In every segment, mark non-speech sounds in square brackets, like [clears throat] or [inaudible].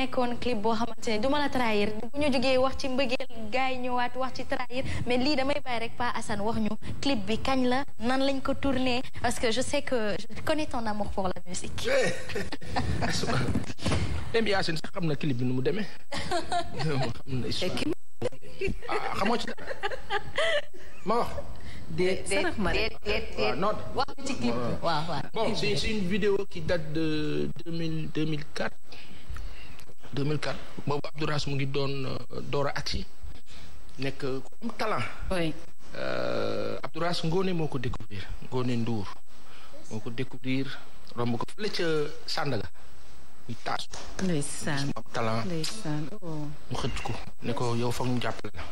nekkoon clip boo xamante ne du la trahir bu ñu jógee wax ci mbëggeel gars yi ñëwaat wax ci trahir mais lii damay bàyyi rek Pa Assane wax ñu clip bi kañ la nan lañ ko tourné parce que je sais que je connais ton amour pour eh, [laughs] sax xam na clip bi mu demee. ah xamoo ci dara ma wax. déet déet ah, clip. waaw waaw une vidéo qui date de deux mille quatre. 2004 boobu Abdou mu ngi doon euh, door a agsi nekk ku am talent. oui euh, Abdou Rass Ngone moo ko découvrir Ngone Ndour moo ko découvrir romb ko fële ca Sandaga muy oh. mu xëcc ko ne ko yow foog ñu jàppale la.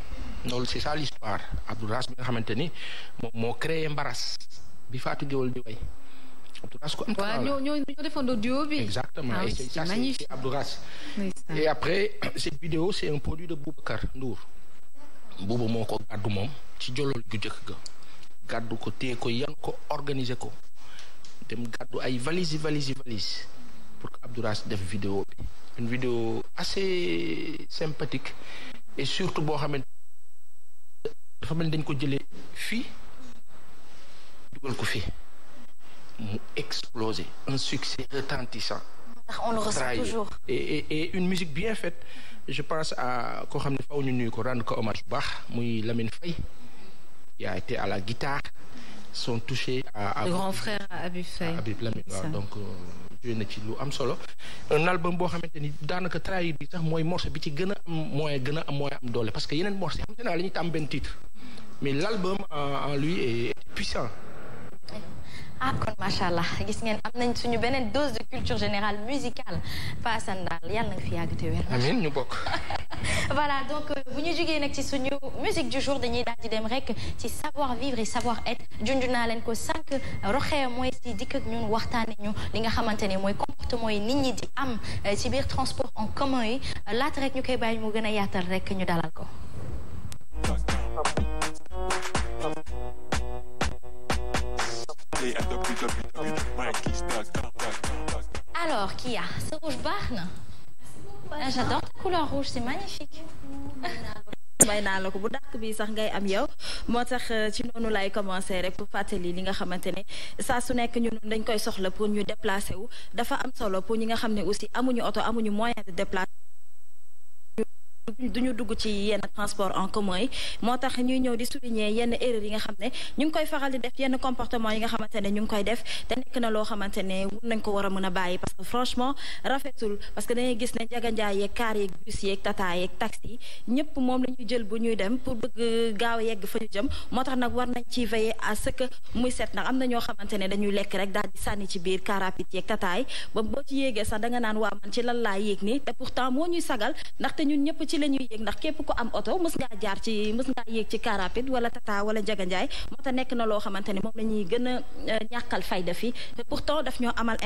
loolu c'est ça l'histoire Abdou bi nga xamante ni moom moo créé Mbaras bi Fatou Guewel di way en tout cas ñoo ñoo defandoo duo bi. exactement ah, c'est magnifique et Abdou après [clears throat] cette vidéo c'est un produit de Boubacar Ndour. Bouba moo ko gàddu moom ci jolol ju jëkk ga gàddu ko téye ko yan ko organiser ko dem gàddu ay valise valise valise pour que Abdou Rass def vidéo bi une vidéo assez sympathique et surtout boo xamante dafa mel ni dañ ko jëlee fii dugal ko fi mu explosé un succès retentissant. on le ressent toujours et, et, et une musique bien faite je pense à koo xam ne faw ñu nuy ko rendre ko hommage bu baax muy Lamine Faye qui a été à la guitare sont touchés à. à le grand frère Habib Faye Habib Lamine donc. Euh, joué na ci lu am solo un album boo xamante ni daanaka trahir bi sax mooy morceau bi ci gën a am mooy gën a am mooy am doole parce que yeneen morceau yi xam te naa la ñuy tàmm titre mais l'album en lui est puissant. ah kon macha allah gis ngeen am nañ suñu beneen dose de culture générale musicale Pa Assane daal yàlla na fi yàgg te wér. amiin ñu bokk. [laughs] voilà donc euh, bu ñu jugee nag ci suñu musique du jour dañuy daal di dem rek ci savoir vivre et savoir être junj naa leen ko sànq roxee mooy si dikk ak ñun waxtaane ñu li nga xamante ne mooy comportement yi nit ñi di am euh, ci biir transport en commun yi laata rek ñu koy bàyyi moo gën a yaatal rek ñu dalal ko. Alors, Kia, ce rouge baax ah, na. j'adore ta couleur may naa la ko bu dàkk bii sax ngay am yow moo tax euh, ci noonu lay commencer rek pour fàttali li nga xamante ne saa su nekk ñun dañ koy soxla pour ñu déplacer wu dafa am solo pour ñi nga xam ne aussi amuñu oto amuñu moyen de déplacer. duñu dugg ci yenn transport en commun yi moo tax ñuy ñëw di souligner yenn erreur yi nga xam ne ñu ngi koy faral di def yenn comportement yi nga xamante ne ñu ngi koy def te nekk na loo xamante a mën a bàyyi parce que franchement rafetul parce que dañuy gis ne njaganjaay yeeg kaar yeeg bus yeeg tata yeeg ñëpp moom la ñuy jël ñuy dem pour bëgg gaaw yegg fa ñu jëm moo tax nag war nañ ci veiller à ce que muy am na ñoo xamante ne dañuy lekk rek daal di sànni ci biir car rapide yeeg tataay boo ci yéegee sax da nga naan waa man ci lan laa yéeg ni te pourtant moo ñuy sagal ndaxte ñun ñëpp ci la la ñuy yëg ndax képp ku am oto mës ngaa jaar ci mës ngaa yéeg ci car rapide tata wala jaganjaay moo tax nekk na loo xamante ne moom la ñuy a euh, ñàkkal fayda fi te pourtant daf ñoo amal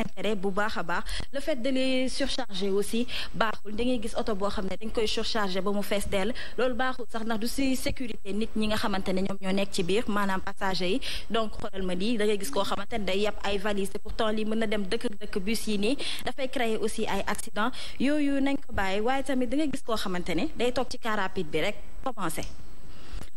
bu baax a baax le fait de les surcharger aussi baaxul da ngay gis oto boo xam ne dañ koy surcharger ba mu fees dell loolu baaxul sax ndax du si sécurité nit ñi nga xamante ne ñoo nekk ci biir maanaam passager yi donc xoolal da ngay gis koo xamante ne day yàpp ay valise te pourtant lii mën na dem dëkk dëkk bus yi nii dafay créer aussi ay accident yooyu nañ ko bàyyi waaye tamit da gis koo xamante ne day toog ci car bi rek commencé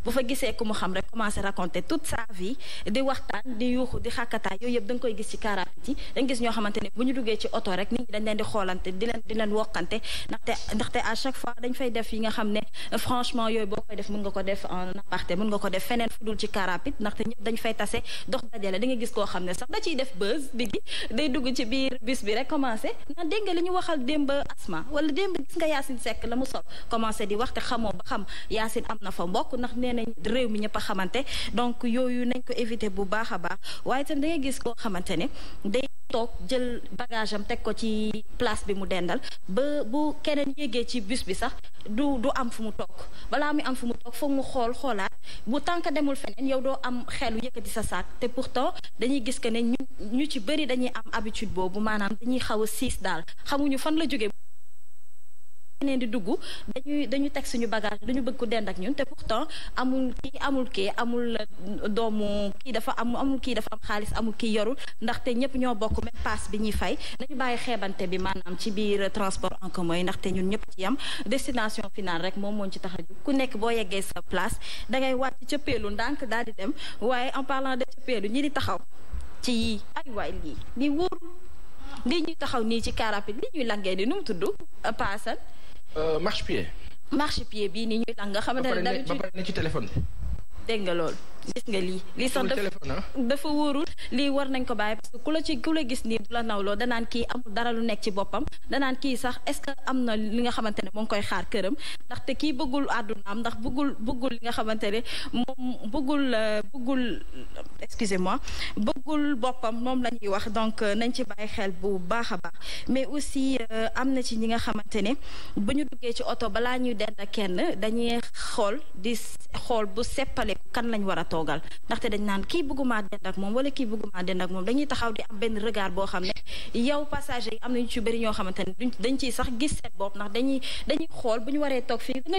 bu fa gisee ku mu xam rek commencé raconter tout sa vie di waxtaan di yuuxu di xàkkataay yooyu yëpp danga koy gis ci car rapide yi da gis ñoo xamante ne bu ñu duggee ci oto rek nit ñi dañ leen di xoolante di leen di leen wokkante ndaxte ndaxte à chaque fois dañ fay def yi nga xam ne franchement yooyu boo koy def mën nga ko def en aparté mën nga ko def feneen fu dul ci car rapide ndaxte dañ fay tase dox dajale da nga gis koo xam ne sax da ciy def buzz bi gi day dugg ci biir bis bi rek commencé na dégg nga li ñu waxal démb asma wala démb gis nga Yacine sekk la mu commencé di wax te xamoo ba xam Yacine am na fa mbokk ndax nañ réew mi ñëpp a xamante donc yooyu nañ ko éviter bu baax a baax waaye tam da ngay gis koo xamante ne day toog jël bagage am teg ko ci place bi mu dendal ba bu keneen yéegee ci bis bi sax du du am fu mu toog balaa mi am fu mu toog foog mu xool xoolaat bu tànk demul feneen yow doo am xelu yëkkati sa saak te pourtant dañuy gis que ne ñu ñu ci bëri dañuy am habitude boobu maanaam dañuy xaw a siis daal xamuñu fan la jógee neen di dugg dañuy dañu teg suñu bagage dañu bëgg ko dend ak ñun te pourtant amul kii amul kii amul euh, doomu kii dafa am amul kii dafa am xaalis amul kii yorul ndaxte ñëpp ñoo bokk même paas bi ñuy fay nañu bàyyi xeebante bi maanaam ci biir transport en commun yi ndaxte ñun ñëpp ci yam destination finale rek moom moo ci tax a jóg ku nekk boo yeggee sa place dangay wàcc cëppeelu ndànk daal di dem waaye en parlant de cëppeelu ñi di taxaw ci yii ay waay lii lii wóorul lii ñuy taxaw nii ci car rapide lii nu mu Euh, marche pied. marche pied bii nii ñuy tax nga xamante ne d'habitude ba pare ne ci téléphone bi. dégg nga loolu. gis nga lii lii sax dafa ah. dafa wóorul lii war nañ ko bàyyi parce que ku la ci ku la gis nii du la nawloo danaan kii amul dara lu nekk ci boppam danaan kii sax est-ce que am na li nga xamante ne moo ngi koy xaar këram ndaxte kii bëggul àddunaam ndax bëggul bëggul li nga xamante ne moom bëggul euh, bëggul excusez-moi boppam moom la ñuy wax donc euh, nañ ci bàyyi xel bu baax a baax mais aussi euh, am na ci ñi nga xamante ne bu ñu duggee ci oto balaa ñuy dend kenn dañuy xool di xool bu seppale kan lañ war toogal ndaxte dañ naan kii bëgguma dend ak moom wala kii bëgguma dend ak moom dañuy taxaw di am benn regard boo xam ne yow passager yi am nañu ne dañ ciy sax gis seen bopp ndax dañuy dañuy xool bu ñu waree toog fii da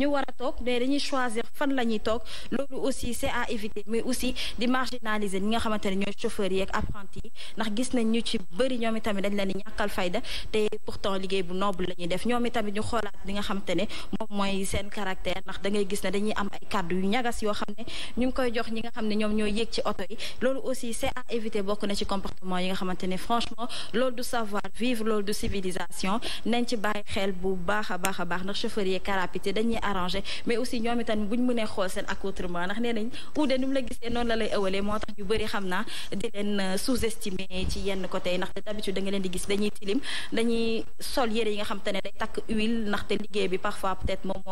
ñu war a toog mais dañuy choisir fan la ñuy toog loolu aussi c'est à éviter mais aussi di marginaliser ñi nga xamante ne ñooy chauffeurs yi ak apprenti nañ ñu ci bëri ñoom itamit dañ leen di ñàkkal fayda te pourtant liggéey bu noble la ñuy def ñoom itamit ñu xoolaat li nga xamante ne moom mooy seen caractère ndax da ngay gis ne dañuy am ay kàddu yu ñagas yoo xam ne ñu ngi koy jox ñi nga xam ne ñoom ñooy yéeg ci oto yi loolu aussi c'est à bokk na ci comportement yi nga xamante franchement loolu du savoir vivre loolu du civilisation nañ ci bàyyi xel bu baax a baax a baax ndax chauffeur yi carapité dañuy arrangé mais aussi ñoom itam bu ñu mënee xool seen accoutrement ndax nee nañ uude nu mu la gisee noonu la lay ëwalee moo tax ñu bëri xam naa di leen euh, sous ci yenn côté yi ndaxte d'habitude da nga leen di gis dañuy tilim dañuy ne day takk huile ndaxte bi parfois peut-être moom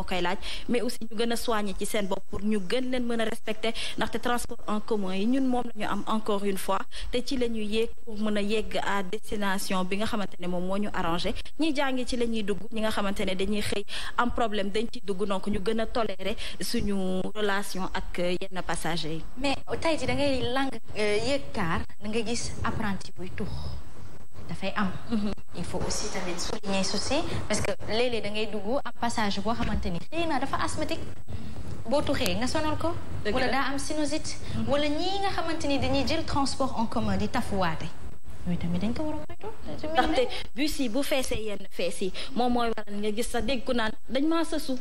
te ndaxte transport en commun yi ñun moom la ñu am encore une fois te ci la ñuy yéeg pour mën a yegg à destination bi nga xamante ne moom moo ñu arrangé ñi jàngee ci la ñuy dugg ñi nga xamante ne dañuy xëy am problème dañ ci dugg donc ñu gën a toléré suñu relation ak yenn passagers yi. mais tey jii da ngay lang euh, yéeg kaar da nga gis apprenti buy tux dafay am. Mhm. il faut aussi tamit souligner ceci parce que léeg-léeg da ngay dugg am passage boo xamante ni xëy na dafa asthmatique. boo tuxee nga sonal ko. wala daa am sinusite. Mm-hmm. wala ñii nga xamante ni dañuy jël transport en commun di tafuwaate. yooyu tamit dañ ko war a moytu. ndaxte bu feesee yenn fees yi moom mooy waral nga gis sa dégg ku naan dañ maa sësu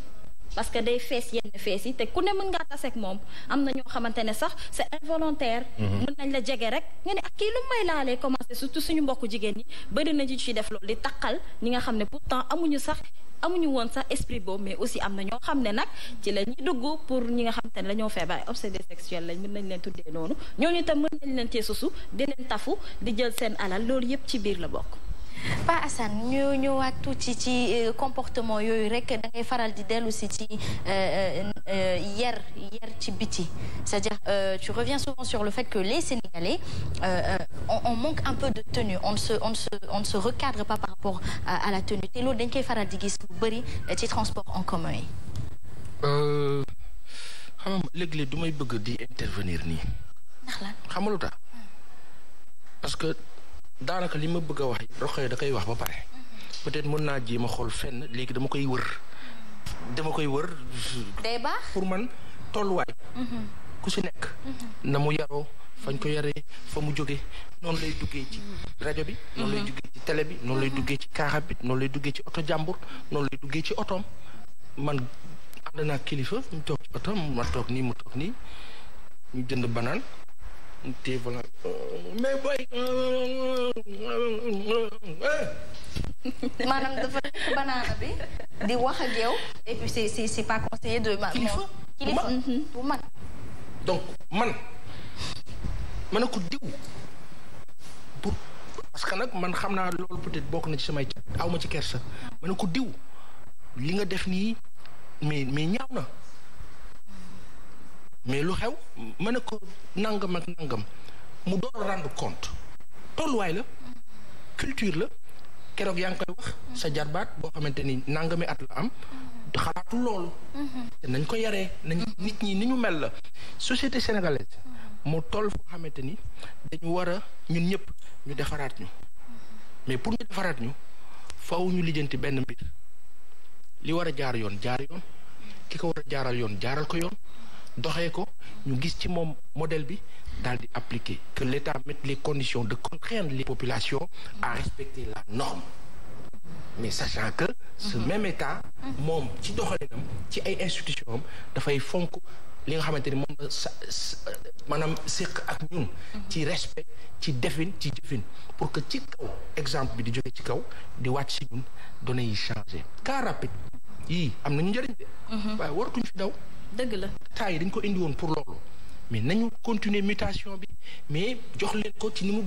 parce que day fees yenn fees yi te ku ne mën ngaa taseeg moom am na ñoo xamante ne sax c'est involontaire. Mm-hmm. mën nañ la jege rek nga ne ak ah, kii lu may laalee commencé surtout suñu mbokku jigéen ñi bëri na ci ci def loolu di taqal ñi nga xam ne pour pourtant amuñu sax amuñu woon sax esprit boobu mais aussi am na ñoo xam ne nag ci la ñuy dugg pour ñi nga xam te ne la ñoo feebar obsédé sexuel lañ mën nañ leen tuddee noonu ñooñu tam mën nañ leen cee susu di leen tafu di jël seen alal loolu yëpp ci biir la bokk Pa Assane ñu ñëwaat tuuti ci euh, comportement yooyu rek da ngay faral di dellu si ci euh, euh, yer yer ci biti c'est-à-dire euh, tu reviens souvent sur le fait que les Sénégalais on, manque un peu de tenue on ne se on ne se on recadre pas par rapport à, la tenue te loolu dañ koy faral di gis bu bëri ci transport en commun yi. xam nga daanaka li ma bëgg a wax Rokhaya da koy wax ba pare peut-être mën naa jéem a xool fenn léegi dama koy wër dama koy wër. day baax pour man tolluwaay. ku si nekk. na mu yaroo fañ ko yaree fa mu jóge noonu lay duggee ci rajo bi. noonu lay mhm. duggee ci télé bi noonu lay mhm. duggee ci kaaxa bi noonu lay duggee ci oto jàmbur noonu lay duggee ci otoom man ànd naa kilifa mu toog ci otoom ma toog nii mu toog nii ñu jënd banaan. te voilà. Euh, euh, euh, maanaam dafa banaana bi di wax ak yow. et puis c'est pas conseillé de. kilifa kilifa bu mm-hmm, man donc man man a ko diw bu parce que nag man xam naa loolu peut-être bokk na ci samay awma ci kersa. man a ko diw li nga def nii mais mais ñaaw na. mais lu xew mën a ko nangam ak nangam mu door a rendre compte tolluwaay la culture la keroog yaa ngi koy wax sa jarbaat boo xamante ni nangami at la am xalaatu loolu mhm. nañ ko yaree nañ mhm. nit ñi ni ñu mel la société sénégalaise mu toll foo xamante ni dañu war a ñun ñëpp ñu defaraat ñu mhm. mais pour ñu defaraat ñu faw ñu lijjanti benn mbir li war a jaar yoon jaar yoon ki ko war jaaral yoon jaaral ko yoon doxee ko ñu gis ci moom modèle bi daal di appliquer que l'État mette les conditions de contraindre les populations à respecter la norme mais sachant que ce mhm. même État mhm. moom ci doxalinam ci ay institutions dafay fonk li nga xamante ni moom la maanaam séq ak ñun mhm. ci respect ci defin ci jëfin pour que ci kaw exemple bi di jógee ci kaw di wàcc si ñun données yi changé car rapide yii am nañu njëriñ de waaye waratuñ fi daw dëgg la tas yi dañ ko indi woon pour loolu mais nañu continuer mutation bi mais jox leen ko ci ni mu